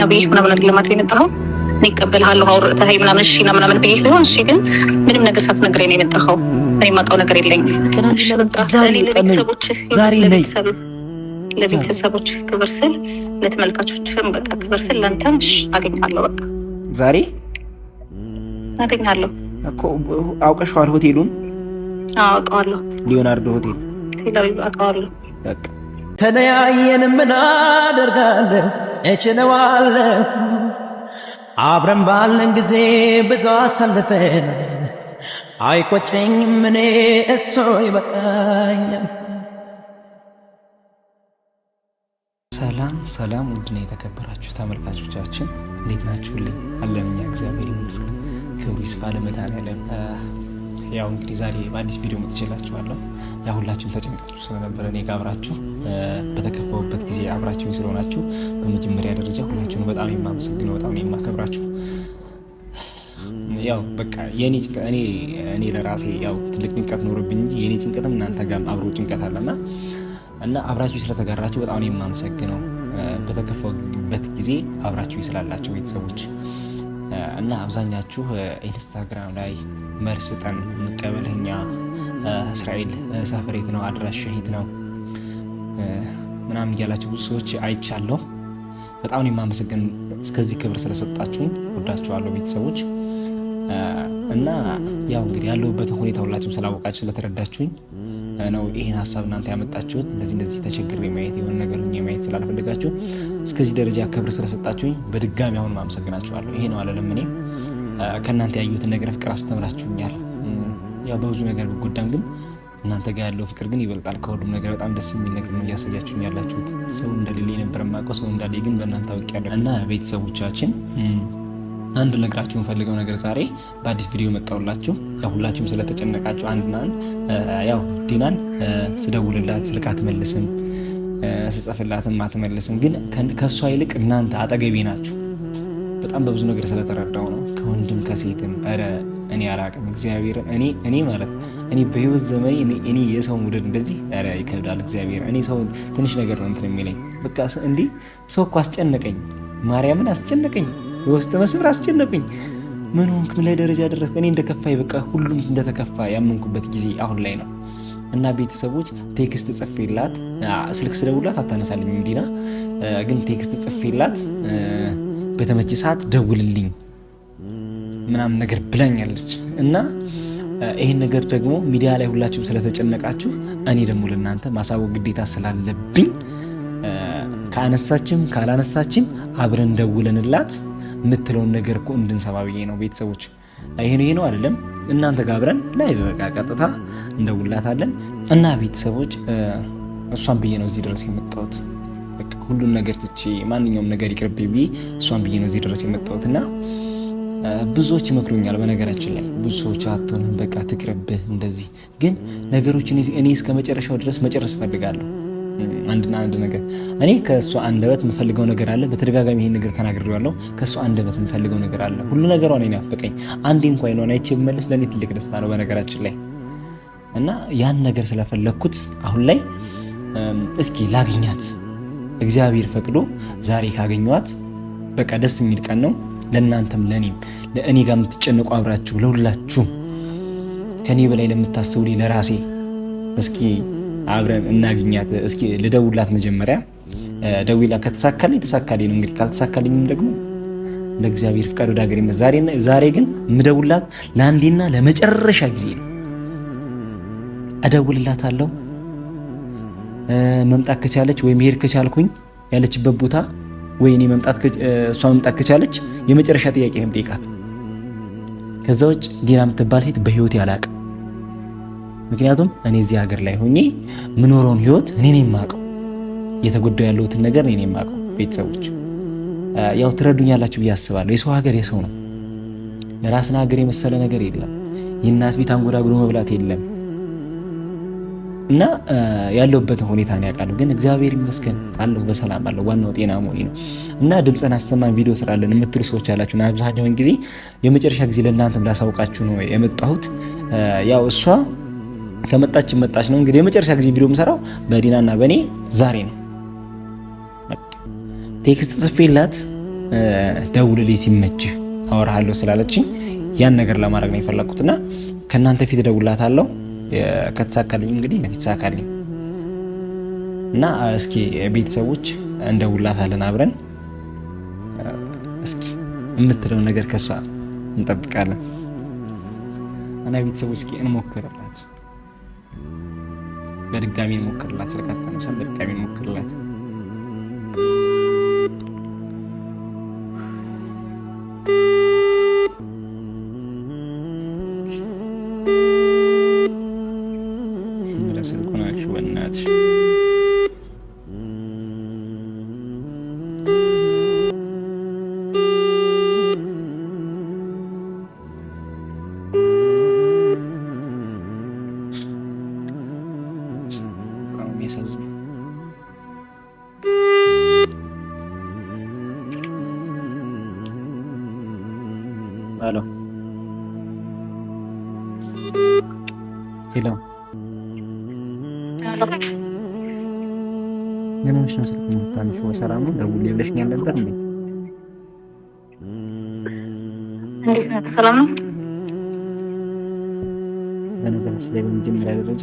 ነው ብዬሽ ምናምን ነገር ለማድረግ የመጣኸው እኔ እቀበልሃለሁ አውርተህ ምናምን እሺ ነው ምናምን ብዬሽ ቢሆን እሺ፣ ግን ምንም ነገር ሳትነግረኝ ነው የመጣኸው። እኔ የማውቀው ነገር የለኝም። ለቤተሰቦች ክብር ስል ለተመልካቾችም በቃ ክብር ስል ለአንተም አገኛለሁ። በቃ ዛሬ አገኛለሁ እኮ አውቀሽዋል። ሆቴሉን አውቀዋለሁ። ሊዮናርዶ ሆቴል አውቀዋለሁ። በቃ ተለያየን ምን አደርጋለሁ እችለዋለሁ። አብረን ባለን ጊዜ ብዙ አሳልፈን አይቆጨኝም እኔ እሶ ይበቃኛል። ሰላም ሰላም፣ ውድና የተከበራችሁ ተመልካቾቻችን እንዴት ናችሁልኝ? አለምኛ እግዚአብሔር ይመስገን። ክብሩ ይስፋ ለመድኃኒዓለም። ያው እንግዲህ ዛሬ በአዲስ ቪዲዮ መጥቼላችኋለሁ። ያ ሁላችሁም ተጨንቃችሁ ስለነበረ እኔ ጋር አብራችሁ በተከፈውበት ጊዜ አብራችሁኝ ስለሆናችሁ በመጀመሪያ ደረጃ ሁላችሁን በጣም የማመሰግነው በጣም የማከብራችሁ ያው በቃ የኔ እኔ እኔ ለራሴ ያው ትልቅ ጭንቀት ኖርብኝ እንጂ የኔ ጭንቀትም እናንተ ጋር አብሮ ጭንቀት አለና እና አብራችሁ ስለተጋራችሁ በጣም ነው የማመሰግነው። በተከፈበት ጊዜ አብራችሁ ስላላችሁ ቤተሰቦች እና አብዛኛችሁ ኢንስታግራም ላይ መርስጠን የምቀበልህ እኛ እስራኤል ሰፈሬት ነው አድራሽ ሸሂት ነው ምናምን እያላችሁ ብዙ ሰዎች አይቻለሁ። በጣም የማመሰግን እስከዚህ ክብር ስለሰጣችሁ ወዳችኋለሁ ቤተሰቦች እና ያው እንግዲህ ያለሁበትን ሁኔታ ሁላችሁም ስላወቃችሁ ስለተረዳችሁኝ ነው ይህን ሀሳብ እናንተ ያመጣችሁት እንደዚህ እንደዚህ ተቸግር ማየት የሆነ ነገር ሁኜ ማየት ስላልፈልጋችሁ እስከዚህ ደረጃ ክብር ስለሰጣችሁኝ በድጋሚ አሁን ማመሰግናችኋለሁ። ይሄ ነው አለለም እኔ ከእናንተ ያዩትን ነገር ፍቅር አስተምራችሁኛል። ያው በብዙ ነገር ብጎዳም ግን እናንተ ጋር ያለው ፍቅር ግን ይበልጣል ከሁሉም ነገር። በጣም ደስ የሚል ነገር ነው እያሳያችሁኝ ያላችሁት። ሰው እንደሌለ የነበረ ማቀው ሰው እንዳለ ግን በእናንተ ያለ እና ቤተሰቦቻችን አንድ ነግራችሁ የምፈልገው ነገር ዛሬ በአዲስ ቪዲዮ መጣሁላችሁ። ያው ሁላችሁም ስለተጨነቃችሁ አንድና አንድ ያው ዲናን ስደውልላት ስልክ አትመልስም፣ ስጽፍላትም አትመልስም። ግን ከእሷ ይልቅ እናንተ አጠገቤ ናችሁ። በጣም በብዙ ነገር ስለተረዳው ነው። ከወንድም ከሴትም ኧረ እኔ አላቅም እግዚአብሔር እኔ እኔ ማለት እኔ በህይወት ዘመኔ እኔ የሰው ውድድ እንደዚህ ኧረ ይከብዳል። እግዚአብሔር እኔ ሰው ትንሽ ነገር ነው እንትን የሚለኝ በቃ እንዲህ ሰው እኮ አስጨነቀኝ፣ ማርያምን አስጨነቀኝ የውስጥ መስብር አስጨነቁኝ። ምን ሆንክ? ምን ላይ ደረጃ ደረስክ? እኔ እንደከፋኝ በቃ ሁሉም እንደተከፋ ያመንኩበት ጊዜ አሁን ላይ ነው። እና ቤተሰቦች ቴክስት ጽፌላት፣ ስልክ ስደውላት አታነሳልኝ እንዲና ግን ቴክስት ጽፌላት በተመቼ ሰዓት ደውልልኝ ምናምን ነገር ብላኛለች። እና ይህን ነገር ደግሞ ሚዲያ ላይ ሁላችሁም ስለተጨነቃችሁ እኔ ደግሞ ለእናንተ ማሳወቅ ግዴታ ስላለብኝ ከአነሳችም ካላነሳችም አብረን ደውለንላት የምትለውን ነገር እኮ እንድንሰማ ብዬ ነው። ቤተሰቦች ይሄ ነው አይደለም፣ እናንተ ጋር አብረን ላይ በቃ ቀጥታ እንደውላታለን እና ቤተሰቦች እሷን ብዬ ነው እዚህ ድረስ የመጣሁት። በቃ ሁሉን ነገር ትቼ ማንኛውም ነገር ይቅርብ ብዬ እሷን ብዬ ነው እዚህ ድረስ የመጣሁት እና ብዙዎች ይመክሩኛል። በነገራችን ላይ ብዙ ሰዎች አትሆንም፣ በቃ ትቅርብህ እንደዚህ። ግን ነገሮችን እኔ እስከ መጨረሻው ድረስ መጨረስ እፈልጋለሁ። አንድና አንድ ነገር እኔ አንድ አንደበት የምፈልገው ነገር አለ። በተደጋጋሚ ይሄን ነገር ተናግሬዋለሁ። ከእሷ አንደበት የምፈልገው ነገር አለ። ሁሉ ነገሯ እኔን ያፈቀኝ አንዴ እንኳ ይለሆን አይቼ ብመለስ ለእኔ ትልቅ ደስታ ነው በነገራችን ላይ እና ያን ነገር ስለፈለግኩት አሁን ላይ እስኪ ላግኛት እግዚአብሔር ፈቅዶ ዛሬ ካገኘዋት በቃ ደስ የሚል ቀን ነው። ለእናንተም ለእኔም ለእኔ ጋር የምትጨነቁ አብራችሁ ለሁላችሁ ከእኔ በላይ ለምታስቡ ለራሴ እስኪ አብረን እናግኛት። እስኪ ልደውላት መጀመሪያ ደውላ ከተሳካልኝ ተሳካልኝ ነው እንግዲህ፣ ካልተሳካልኝም ደግሞ እንደ እግዚአብሔር ፍቃድ ወደ ሀገር ይመ ዛሬ ዛሬ ግን ምደውላት ለአንዴና ለመጨረሻ ጊዜ ነው። አለው መምጣት ከቻለች ወይ መሄድ ከቻልኩኝ ያለችበት ቦታ ወይ እኔ መምጣት እሷ መምጣት ከቻለች የመጨረሻ ጥያቄ ነው የምጠይቃት። ከዛ ውጭ ዲና የምትባል ሴት በህይወት ያላቅም ምክንያቱም እኔ እዚህ ሀገር ላይ ሆኜ ምኖረውን ህይወት እኔ ነው የማውቀው። እየተጎዳው ያለሁትን ነገር እኔ ነው የማውቀው። ቤተሰቦች ያው ትረዱኛላችሁ ብዬ አስባለሁ። የሰው ሀገር የሰው ነው። የራስን ሀገር የመሰለ ነገር የለም። የእናት ቤት አንጎዳጉዶ መብላት የለም እና ያለሁበትን ሁኔታ ነው ያውቃለሁ። ግን እግዚአብሔር ይመስገን አለሁ፣ በሰላም አለሁ። ዋናው ጤና መሆኔ ነው። እና ድምፅን አሰማን ቪዲዮ ስራለን የምትሉ ሰዎች አላችሁ እና አብዛኛውን ጊዜ የመጨረሻ ጊዜ ለእናንተም ላሳውቃችሁ ነው የመጣሁት ያው እሷ ከመጣች መጣች ነው። እንግዲህ የመጨረሻ ጊዜ ቪዲዮ የምሰራው በዲናና በእኔ ዛሬ ነው። ቴክስት ጽፌላት ደውልልኝ ሲመችህ አወራሃለሁ ስላለችኝ ያን ነገር ለማድረግ ነው የፈለግኩትና ከእናንተ ፊት እደውልላታለሁ። ከተሳካልኝ እንግዲህ ከተሳካልኝ እና እስኪ ቤተሰቦች እንደውልላታለን አብረን እስኪ የምትለው ነገር ከሷ እንጠብቃለን እና ቤተሰቦች እስኪ እንሞክርላት። በድጋሚ እንሞክርላት፣ ስልክ አታነሳም። በድጋሚ እንሞክርላት። የሚያሳዝን አሎ ሄሎ ምን ሆነሽ ነው ስልክ የምታነሺ? ወይ ሰላም ነው? ደውዬልሽኝ አልነበር እንዴ? እንዴት ነህ? ሰላም ነው። በመጀመሪያ ደረጃ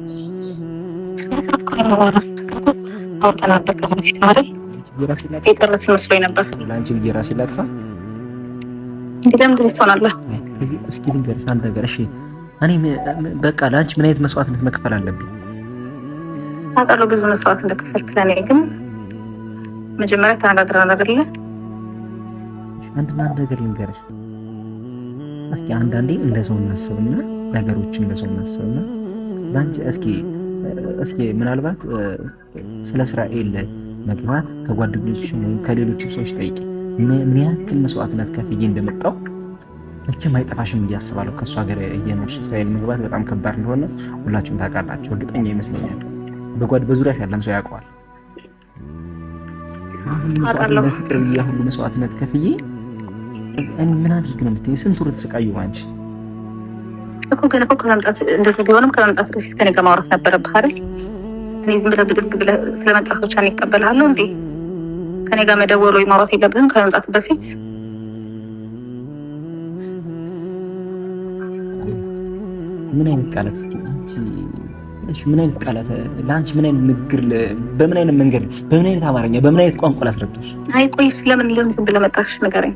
መስራት ከተባባረ አውርተናል። በቀዝ በፊት ነው አይደል? የቀረስ መስሎኝ ነበር። ለአንቺ ብዬ ራሴ ላጥፋ። ምን እስኪ ልንገርሽ አንድ ነገር እሺ። እኔ በቃ ለአንቺ ምን አይነት መስዋዕትነት መክፈል አለብኝ? አውቃለሁ ብዙ መስዋዕት እንደከፈልክ፣ ለእኔ ግን መጀመሪያ ተነጋግረን አይደለ? አንድና አንድ ነገር ልንገርሽ። እስኪ አንዳንዴ እንደሰው እናስብና ነገሮችን እንደሰው እናስብና ለአንቺ እስኪ እስኪ ምናልባት ስለ እስራኤል መግባት ከጓደኞች ወይም ከሌሎች ሰዎች ጠይቂ። ምን ያክል መስዋዕትነት ከፍዬ እንደመጣው መቼም አይጠፋሽም እያስባለሁ ከእሱ ሀገር እየኖርሽ እስራኤል መግባት በጣም ከባድ እንደሆነ ሁላችሁም ታውቃላችሁ፣ እርግጠኛ ይመስለኛል። በጓድ በዙሪያሽ ያለም ሰው ያውቀዋል። ሁሉ መስዋዕትነት ከፍዬ ምን አድርግ ነው የምትይኝ? ስንት ወር ተሰቃየሁ አንቺ እኮ ግን እኮ ከመምጣት እንደዚህ ቢሆንም ከመምጣት በፊት ከኔ ጋር ማውራት ነበረብህ አይደል? እኔ ዝም ብለህ ብድግ ብለህ ስለመምጣት ብቻ ነው ይቀበልሃለሁ እንዴ? ከኔ ጋር መደወል ወይ ማውራት የለብህም ከመምጣት በፊት ምን አይነት ቃላት እስኪ ምን አይነት ቃላት ለአንቺ ምን አይነት ንግግር በምን አይነት መንገድ በምን አይነት አማርኛ በምን አይነት ቋንቋ ላስረዳሽ? አይ ቆይ ስለምን ሊሆን ዝም ብለህ መጣሽ ንገረኝ።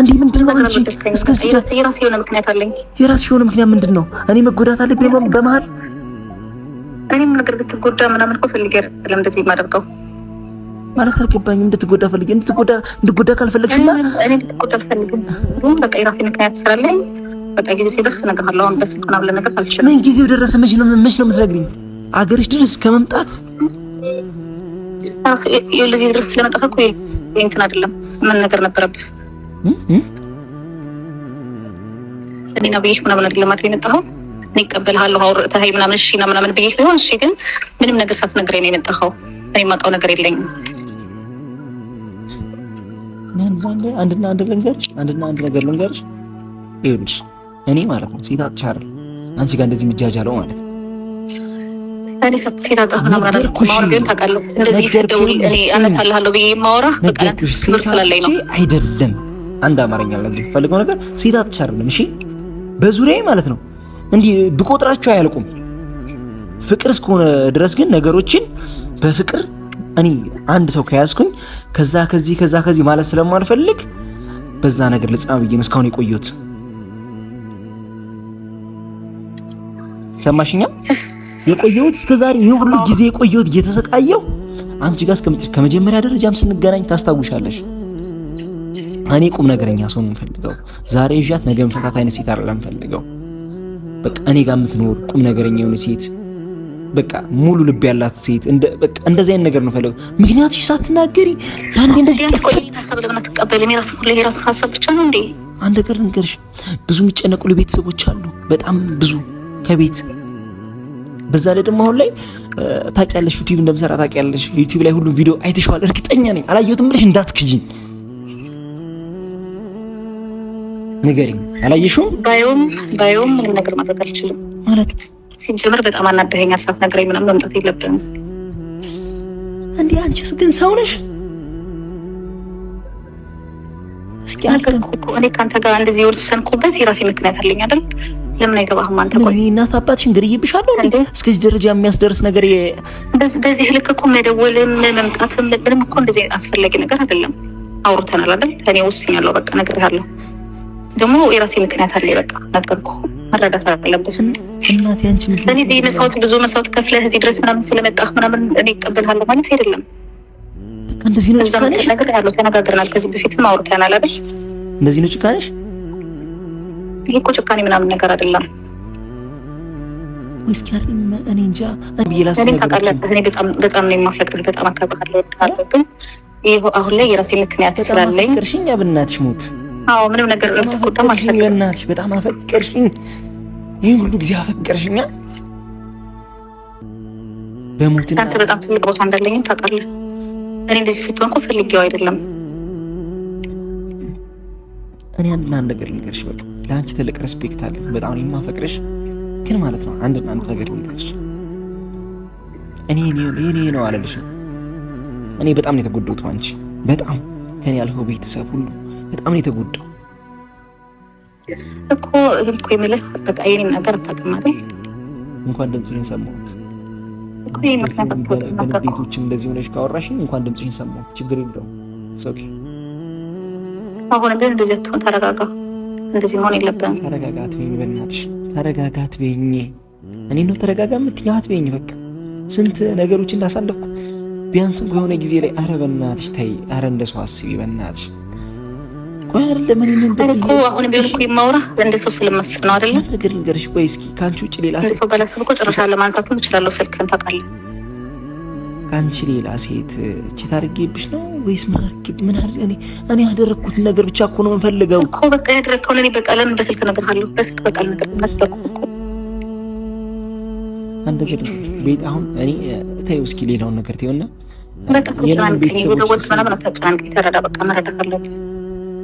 እንዴ ምንድን ነው አንቺ? እስከዚህ ድረስ የራሴ የሆነ ምክንያት አለኝ። የራሴ የሆነ ምክንያት ምንድን ነው? እኔ መጎዳት አለብኝ በመሀል? እኔም ነገር ብትጎዳ ምናምን እኮ ፈልጌ አይደለም እንደዚህ የማደርገው ማለት አልገባኝ። እንድትጎዳ ፈልጌ እንድትጎዳ እንድትጎዳ ካልፈለግሽ እኔ እንድትጎዳ አልፈልግም። ግን በቃ የራሴ ምክንያት ስላለኝ በቃ ጊዜ ሲደርስ እነግርሃለሁ። አሁን በስልክ ምናምን ለነገር አልችልም። ምን ጊዜው ደረሰ? መች ነው መች ነው የምትነግሪኝ? አገርሽ ድረስ ከመምጣት ራስ ለዚህ ድረስ ስለመጣህ እኮ እንትን አይደለም ምን ነገር ነበረብህ እኔና ብዬሽ ምናምን አግለማት የመጣኸው እኔ እቀበልሃለሁ አውርተህ ምናምን እሺ ና ምናምን ብዬሽ ቢሆን እሺ፣ ግን ምንም ነገር ሳትነግረኝ ነው የመጣኸው። እኔ የማውቀው ነገር የለኝም። አንድና አንድ ልንገርሽ፣ አንድና አንድ ነገር ልንገርሽ። ይኸውልሽ እኔ ማለት ነው ሴት አጥቻ አይደል አንቺ ጋር እንደዚህ የምጃጃለው ማለት ነው። እኔ ሴት አጣሁ ምናምን አላልኩም። ማወር ግን ታውቃለህ፣ እንደዚህ ደውል እኔ አነሳልሃለሁ ብዬ የማወራ በቃላት ክብር ስላለኝ ነው አይደለም አንድ አማርኛ ላይ ፈልገው ነገር ሴት አትቻርልም። እሺ በዙሪያ ማለት ነው እንዲህ ብቆጥራቸው አያልቁም። ፍቅር እስከሆነ ድረስ ግን ነገሮችን በፍቅር እኔ አንድ ሰው ከያዝኩኝ ከዛ ከዚህ ከዛ ከዚህ ማለት ስለማልፈልግ በዛ ነገር ልጽና ብዬ ነው እስካሁን የቆየሁት። ሰማሽኛ? የቆየሁት እስከዛሬ ይህ ሁሉ ጊዜ የቆየሁት እየተሰቃየሁ አንቺ ጋር ከመጀመሪያ ደረጃም ስንገናኝ ታስታውሻለሽ። እኔ ቁም ነገረኛ ሰው ነው የምፈልገው። ዛሬ እዣት ነገ መፈታት አይነት ሴት አይደለም የምፈልገው። በቃ እኔ ጋር የምትኖር ቁም ነገረኛ የሆነ ሴት፣ በቃ ሙሉ ልብ ያላት ሴት፣ እንደ በቃ እንደዚህ አይነት ነገር ነው የምፈልገው። ምክንያት ሳትናገሪ ባንዴ እንደዚህ ሀሳብ ብቻ ነው እንዴ? አንድ ነገር ንገርሽ፣ ብዙ የሚጨነቁ ለቤተሰቦች አሉ፣ በጣም ብዙ ከቤት በዛ ላይ ደግሞ አሁን ላይ ታውቂያለሽ፣ ዩቲዩብ እንደምሰራ ታውቂያለሽ። ዩቲዩብ ላይ ሁሉ ቪዲዮ አይተሽዋል፣ እርግጠኛ ነኝ። አላየሁትም ብለሽ እንዳትክጂኝ ንገሪኝ። አላየሽውም? ባየውም ባየውም ምንም ነገር ማድረግ አልችልም ማለት ሲጀምር በጣም አናደኸኛል። ሳትነግረኝ ምናምን መምጣት የለብንም እንዴ? አንቺስ ግን ሰው ነሽ። እስኪ እኔ ከአንተ ጋር እንደዚህ የወሰንኩበት የራሴ ምክንያት አለኝ አይደል? ለምን አይገባህም አንተ? ቆይ እናት አባትሽን እንዴ? እስከዚህ ደረጃ የሚያስደርስ ነገር በዚህ ልክ እኮ መደወልም መምጣትም ምንም እኮ እንደዚህ አስፈላጊ ነገር አይደለም። አውርተናል አይደል? እኔ በቃ ነገር አለሁ ደግሞ የራሴ ምክንያት አለ። በቃ ነበርኩ መረዳት አለበት። እኔ እዚህ መስዋዕት ብዙ መስዋዕት ከፍለህ እዚህ ድረስ ምናምን ስለመጣህ ምናምን እኔ እቀበልሃለሁ ማለት አይደለም። እንደዚህ ነው ጭካኔሽ? ነገር ያለው ተነጋግረናል፣ ከዚህ በፊትም አውርተናል አይደል? እንደዚህ ነው ጭቃነሽ። ይሄ እኮ ጭካኔ ምናምን ነገር አይደለም። ወይስ ካር እኔ እንጃ ቢላስ ታውቃለህ። እኔ በጣም በጣም ነው የማፈቅርህ፣ በጣም አከብርሃለሁ፣ እወድሃለሁ። ግን ይሄ አሁን ላይ የራሴ ምክንያት ስላለኝ ቅርሽኛ ብናትሽ ሙት አዎ ምንም ነገር ልትጎዳም አልፈልግም። በእናትሽ በጣም አፈቀርሽኝ፣ ይህን ሁሉ ጊዜ አፈቀርሽኛ። በሞት አንተ በጣም ትልቅ ቦታ እንዳለኝ ታውቃለህ። እኔ እንደዚህ ስትሆን እኮ ፈልጌው አይደለም። እኔ አንድ አንድ ነገር ልንገርሽ፣ በቃ ለአንቺ ትልቅ ሬስፔክት አለ። በጣም የማፈቅርሽ ግን ማለት ነው። አንድ አንድ ነገር ልንገርሽ፣ እኔ እኔ ነው አለልሽ። እኔ በጣም ነው የተጎዳሁት አንቺ በጣም ከኔ ቤተሰብ ሁሉ በጣም ነው የተጎዳው እኮ እኮ የምልህ በቃ የኔም ነገር አታውቅም። እንኳን ድምፅሽን ሰማሁት። ቤቶችን እንደዚህ ሆነሽ ካወራሽኝ እንኳን ድምፅሽን ሰማሁት። ችግር የለውም አሁን ግን እንደዚህ ትሆን ተረጋጋ። እንደዚህ መሆን የለብህም። ተረጋጋት አትበይኝ፣ በእናትሽ ተረጋጋት አትበይኝ። እኔ ነው ተረጋጋ የምትይኝ አትበይኝ። በቃ ስንት ነገሮች እንዳሳለፍኩ ቢያንስ የሆነ ጊዜ ላይ አረ በእናትሽ ተይ፣ አረ እንደሰው አስቢ በእናትሽ አሁን ቢሆን እኮ የማውራ እንደ ሰው ነው አይደለ? ነገር እስኪ ከአንቺ ውጭ ሌላ ሰው በለስብ እኮ ሌላ ሴት ቺት አድርጌብሽ ነው ወይስ መራኪብ? ምን እኔ ያደረግኩትን ነገር ብቻ እኮ ነው የምፈልገው እኮ በቃ ያደረግከውን እኔ በቃ ለምን በስልክ ነገር በስልክ በቃ ነገር እኮ አንተ ቤት አሁን እኔ ተይው እስኪ ሌላውን ነገር ተይውና በቃ ተጨናንቀኝ፣ ወደ ወጥ ምናምን አታጨናንቀኝ። ተረዳ በቃ መረዳት አለብህ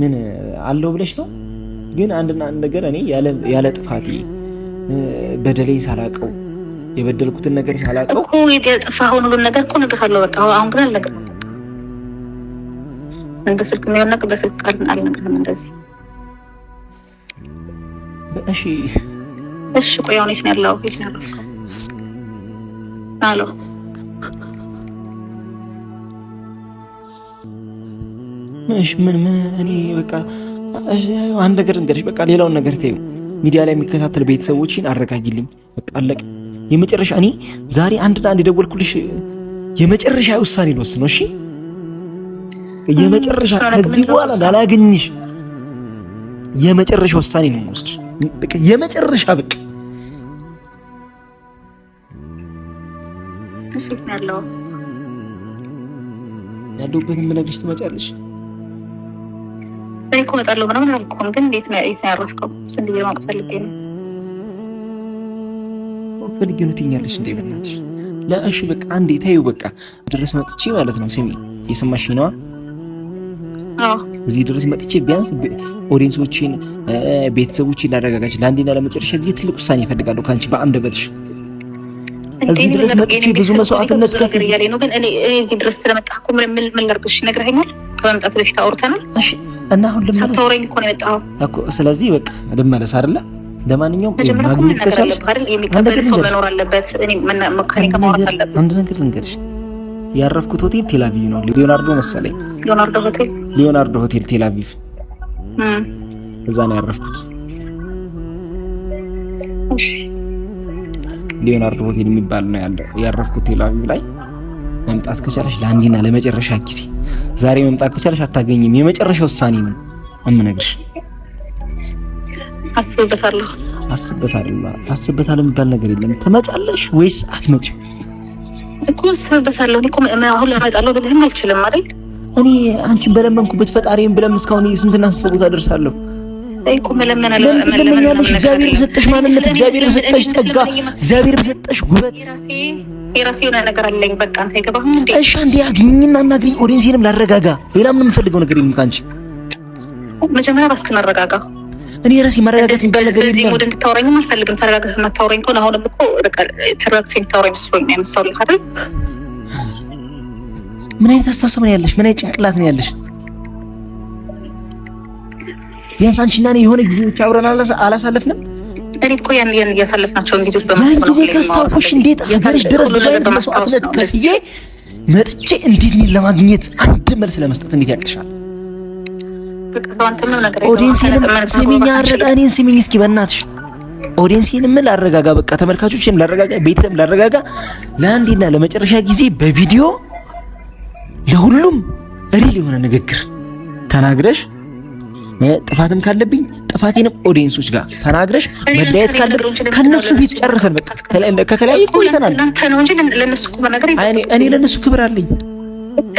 ምን አለው ብለሽ ነው። ግን አንድና አንድ ነገር እኔ ያለ ጥፋቴ በደሌን ሳላቀው የበደልኩትን ነገር ሳላቀው እኮ የጠፋኸውን ሁሉን ነገር እኮ እነግርሃለሁ። በቃ አሁን ግን አልነግርህም። በስልክ የሚሆን ነገር በስልክ ቃል አልነግርህም። እንደዚህ እሺ፣ እሺ። ቆይ አሁን የት ነው ያለው? የት ነው ያለው? አሎ እሺ ምን ምን እኔ በቃ አንድ ነገር እንገርሽ፣ በቃ ሌላውን ነገር ተይው። ሚዲያ ላይ የሚከታተል ቤተሰቦችን አረጋጊልኝ። በቃ አለቀ። የመጨረሻ እኔ ዛሬ አንድ አንድ የደወልኩልሽ የመጨረሻ ውሳኔ ልወስድ ነው። እሺ የመጨረሻ ከዚህ በኋላ ላላገኝሽ የመጨረሻ ውሳኔ ነው የምወስድ። በቃ የመጨረሻ በቃ ያለሁበትን ምነግርሽ ትመጫለሽ እኔ እኮ እመጣለሁ ምናምን አልኩም፣ ግን እንዴት ነው ያረፍከው? ስንት ጊዜ ማውቅ ፈልጌ ነው ፈልጌ ነው ትይኛለሽ እንዴ? በእናትሽ ለእሺ፣ በቃ አንዴ ታየው፣ በቃ ድረስ መጥቼ ማለት ነው። ስሚ፣ እየሰማሽ ነዋ። እዚህ ድረስ መጥቼ ቢያንስ ኦዲንሶችን ቤተሰቦችን ላረጋጋች ለአንዴና ለመጨረሻ ጊዜ ትልቅ ውሳኔ እፈልጋለሁ ከአንቺ በአንደበትሽ እዚህ ድረስ መጥቼ ብዙ መስዋዕትነት ከፍዬ ነው። ግን እኔ እዚህ ድረስ ስለመጣ ምን ምን ላድርግሽ? ነግረኸኛል ከመምጣት በፊት አውርተናል እና አሁን ልመለሳታውረኝ እኮ ነው የመጣው እኮ ስለዚህ በቃ ልመለስ አይደለ ለማንኛውም ማግኘት ከቻልሽ የሚቀበል ሰው መኖር አለበት። አንድ ነገር ልንገርሽ፣ ያረፍኩት ሆቴል ቴላቪቭ ነው፣ ሊዮናርዶ መሰለኝ ሊዮናርዶ ሆቴል ቴላቪቭ፣ እዛ ነው ያረፍኩት። ሊዮናርዶ ሆቴል የሚባል ነው ያረፍኩት ቴላቪቭ ላይ መምጣት ከቻለሽ ለአንዴና ለመጨረሻ ጊዜ ዛሬ መምጣት ከቻለሽ አታገኝም። የመጨረሻ ውሳኔ ነው እምነግርሽ። አስብበታለሁ። አስብበታለሁ። የሚባል ነገር የለም። ትመጫለሽ ወይስ አትመጪም እኮ አስብበታለሁ። እኔ እኮ አሁን ለመጣለሁ ብለህም አልችልም አይደል? እኔ አንቺን በለመንኩበት ፈጣሪን ብለም እስካሁን ስንትና ስንት ቦታ ደርሳለሁ። እኮ መለመናለሁ። ለምን ትለመኛለሽ? እግዚአብሔር በሰጠሽ ማንነት፣ እግዚአብሔር በሰጠሽ ጸጋ፣ እግዚአብሔር በሰጠሽ ጉበት የራሴ የሆነ ነገር አለኝ። በቃ አንተ አይገባህም እንዴ? እሺ አንዴ አግኝና አናግሪኝ፣ ኦዲየንስንም ላረጋጋ። ሌላ ምንም የምፈልገው ነገር የለም መጀመሪያ እራስህን አረጋጋ። እኔ መረጋጋት እንዳለገኝ በዚህ ሙድ እንድታወራኝም አልፈልግም። ተረጋግተህ የማታወራኝ ከሆነ አሁንም እኮ ተረጋግተህ የምታወራኝ መስሎኝ ነው ያነሳሁልህ አይደል? ምን አይነት አስተሳሰብ ነው ያለሽ? ምን አይነት ጭንቅላት ነው ያለሽ? ቢያንስ እኔ የሆነ ጊዜ ብቻ አብረን አላሳለፍንም? እኔ እኮ ያን ጊዜዎች ነው ጊዜ እንዴት ድረስ ብዙ አይነት መስዋዕትነት መጥቼ እንዴት እኔን ለማግኘት አንድ መልስ ለመስጠት እንዴት ያቅትሻል? ኦዲንስንም ስሚኝ አረጋ እኔን ስሚኝ እስኪ በእናትሽ ኦዲንስንም ላረጋጋ፣ በቃ ተመልካቾችም ላረጋጋ፣ ቤተሰብ ላረጋጋ። ለአንዴና ለመጨረሻ ጊዜ በቪዲዮ ለሁሉም ሪል የሆነ ንግግር ተናግረሽ ጥፋትም ካለብኝ ጥፋቴንም ኦዲየንሶች ጋር ተናግረሽ መለየት ካለብኝ ከነሱ ፊት ጨርሰን በቃ ከተለያየ ቆይተናል። እኔ ለነሱ ክብር አለኝ።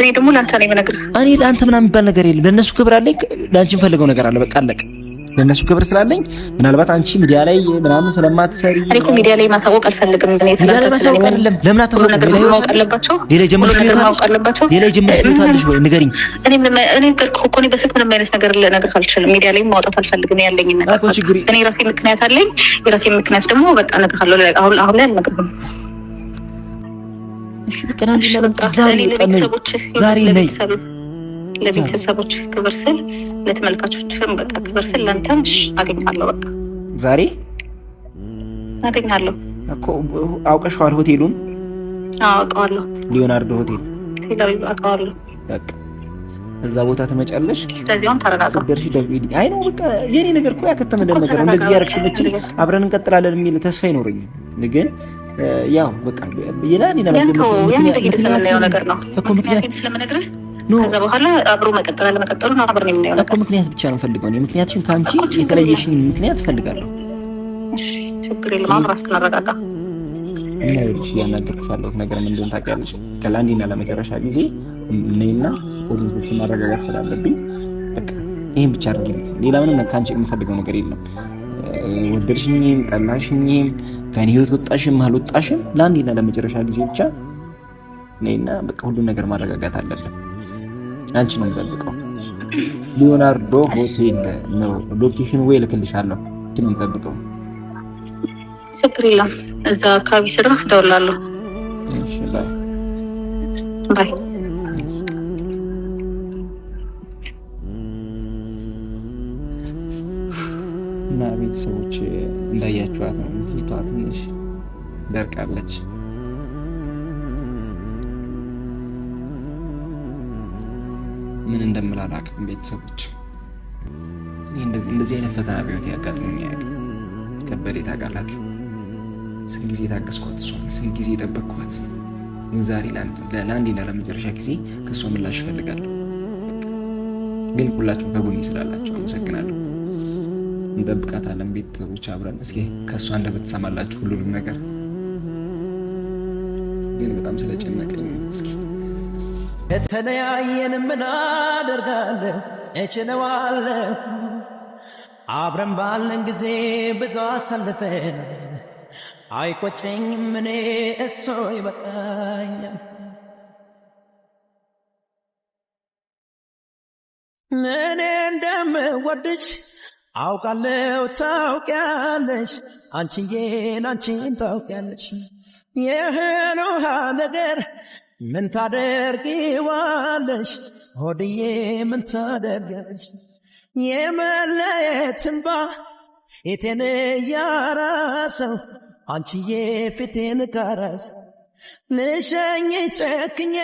እኔ ደግሞ ለአንተ ምናምን የሚባል ነገር የለም። ለእነሱ ክብር አለኝ። ለአንቺ የምፈልገው ነገር አለ። በቃ አለቀ። ለእነሱ ክብር ስላለኝ ምናልባት አንቺ ሚዲያ ላይ ምናምን ስለማትሰሪ እኔ እኮ ሚዲያ ላይ ማሳወቅ አልፈልግም። ለምን ሌላ ጀምሮ ሌላ ጀምሮ ወይ ንገሪኝ። እኔ ምንም አይነት ነገር ልነግርህ አልችልም። ሚዲያ ላይ ማውጣት አልፈልግም። ያለኝ ነገር እኔ የራሴ ምክንያት አለኝ። የራሴ ምክንያት ደግሞ በቃ እነግርሃለሁ። አሁን አሁን ላይ ዛሬ ለቤተሰቦች ክብር ስል ለተመልካቾችም በቃ ክብር ስል ለንተም አገኛለሁ። በቃ ዛሬ አገኛለሁ እኮ አውቀሸዋል። ሆቴሉን አውቀዋለሁ። ሊዮናርዶ ሆቴል አውቀዋለሁ። እዛ ቦታ ትመጫለሽ። ስለዚሁም አይ ነው በቃ የኔ ነገር እኮ ያከተመ ደም ነገር እንደዚህ ያደረግሽ ምችል አብረን እንቀጥላለን የሚል ተስፋ ይኖረኝ ግን ያው በቃ ሌላ ሌላ ምክንያት ስለምነግርህ ከዛ በኋላ አብሮ መቀጠል አለመቀጠሉን አብረን የምናየው ነገር። ምክንያት ብቻ ነው ፈልገው ነው ምክንያትሽን ከአንቺ የተለየሽኝ ምክንያት ፈልጋለሁ። ችግር የለም አብሮ አስከናረጋጋ እና ይልሽ ያናገርኩሽ ያለሁት ነገር ምን እንደሆነ ታውቂያለሽ። ለአንዴና ለመጨረሻ ጊዜ እኔና ኦዲንሶች ማረጋጋት ስላለብኝ በቃ ይህን ብቻ አድርጊ። ሌላ ምንም ከአንቺ የምፈልገው ነገር የለም። ወደድሽኝም ጠላሽኝም ከኔ ህይወት ወጣሽም አልወጣሽም ለአንዴና ለመጨረሻ ጊዜ ብቻ እኔና በቃ ሁሉም ነገር ማረጋጋት አለብን። አንቺ ነው የምጠብቀው። ሊዮናርዶ ሆቴል ነው ሎኬሽን ወይ እልክልሻለሁ። አንቺ ነው የምጠብቀው። ችግር የለም። እዛ አካባቢ ስደርስ እደውላለሁ። ባይ እና ቤተሰቦች እንዳያችኋት ነው ፊቷ ትንሽ ደርቃለች። እንደምል አላውቅም። ቤተሰቦች እንደዚህ አይነት ፈተና ቢሆን ያጋጥሙ ያቅ ከበዴ ታውቃላችሁ። ስንት ጊዜ ታገስኳት እሷን፣ ስንት ጊዜ ጠበቅኳት። ዛሬ ለአንዴና ለመጨረሻ ጊዜ ከእሷ ምላሽ ይፈልጋለሁ። ግን ሁላችሁ ከጎኔ ስላላችሁ አመሰግናለሁ። እንጠብቃታለን ቤተሰቦች፣ አብረን እስኪ ከእሷ እንደምትሰማላችሁ ሁሉንም ነገር ግን በጣም ስለጨነቀኝ እስኪ ከተለያየን ምን አደርጋለሁ እችለዋለሁ። አብረን ባለን ጊዜ ብዙ አሳልፈን አይቆጨኝም እኔ እሶ ይበቃኛል። እኔ እንደምወድሽ አውቃለሁ ታውቂያለሽ፣ አንቺን አንቺን ታውቂያለሽ የህል ውሃ ነገር ምን ታደርጊዋለሽ ሆድዬ ምን ታደርጊያለሽ? የመለየት እንባ የቴን ያራሰው አንቺዬ ፊቴን ካራሰው ልሸኝ ጨክኜ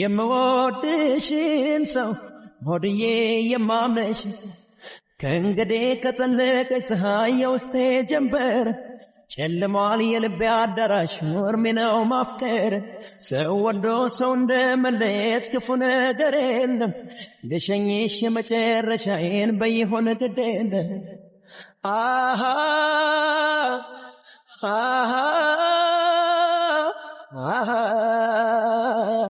የምወድሽን ሰው ሆድዬ የማምነሽ ከእንግዲህ ከጠለቀች ፀሐይ የውስጤ ጀንበር ጨልሟል የልቤ አዳራሽ ኖርሜ ነው ማፍቀር ሰው ወዶ ሰው እንደመለየት ክፉ ነገር የለም ልሸኝሽ የመጨረሻዬን በይሆነ ግድ የለም አሃ አሃ አሃ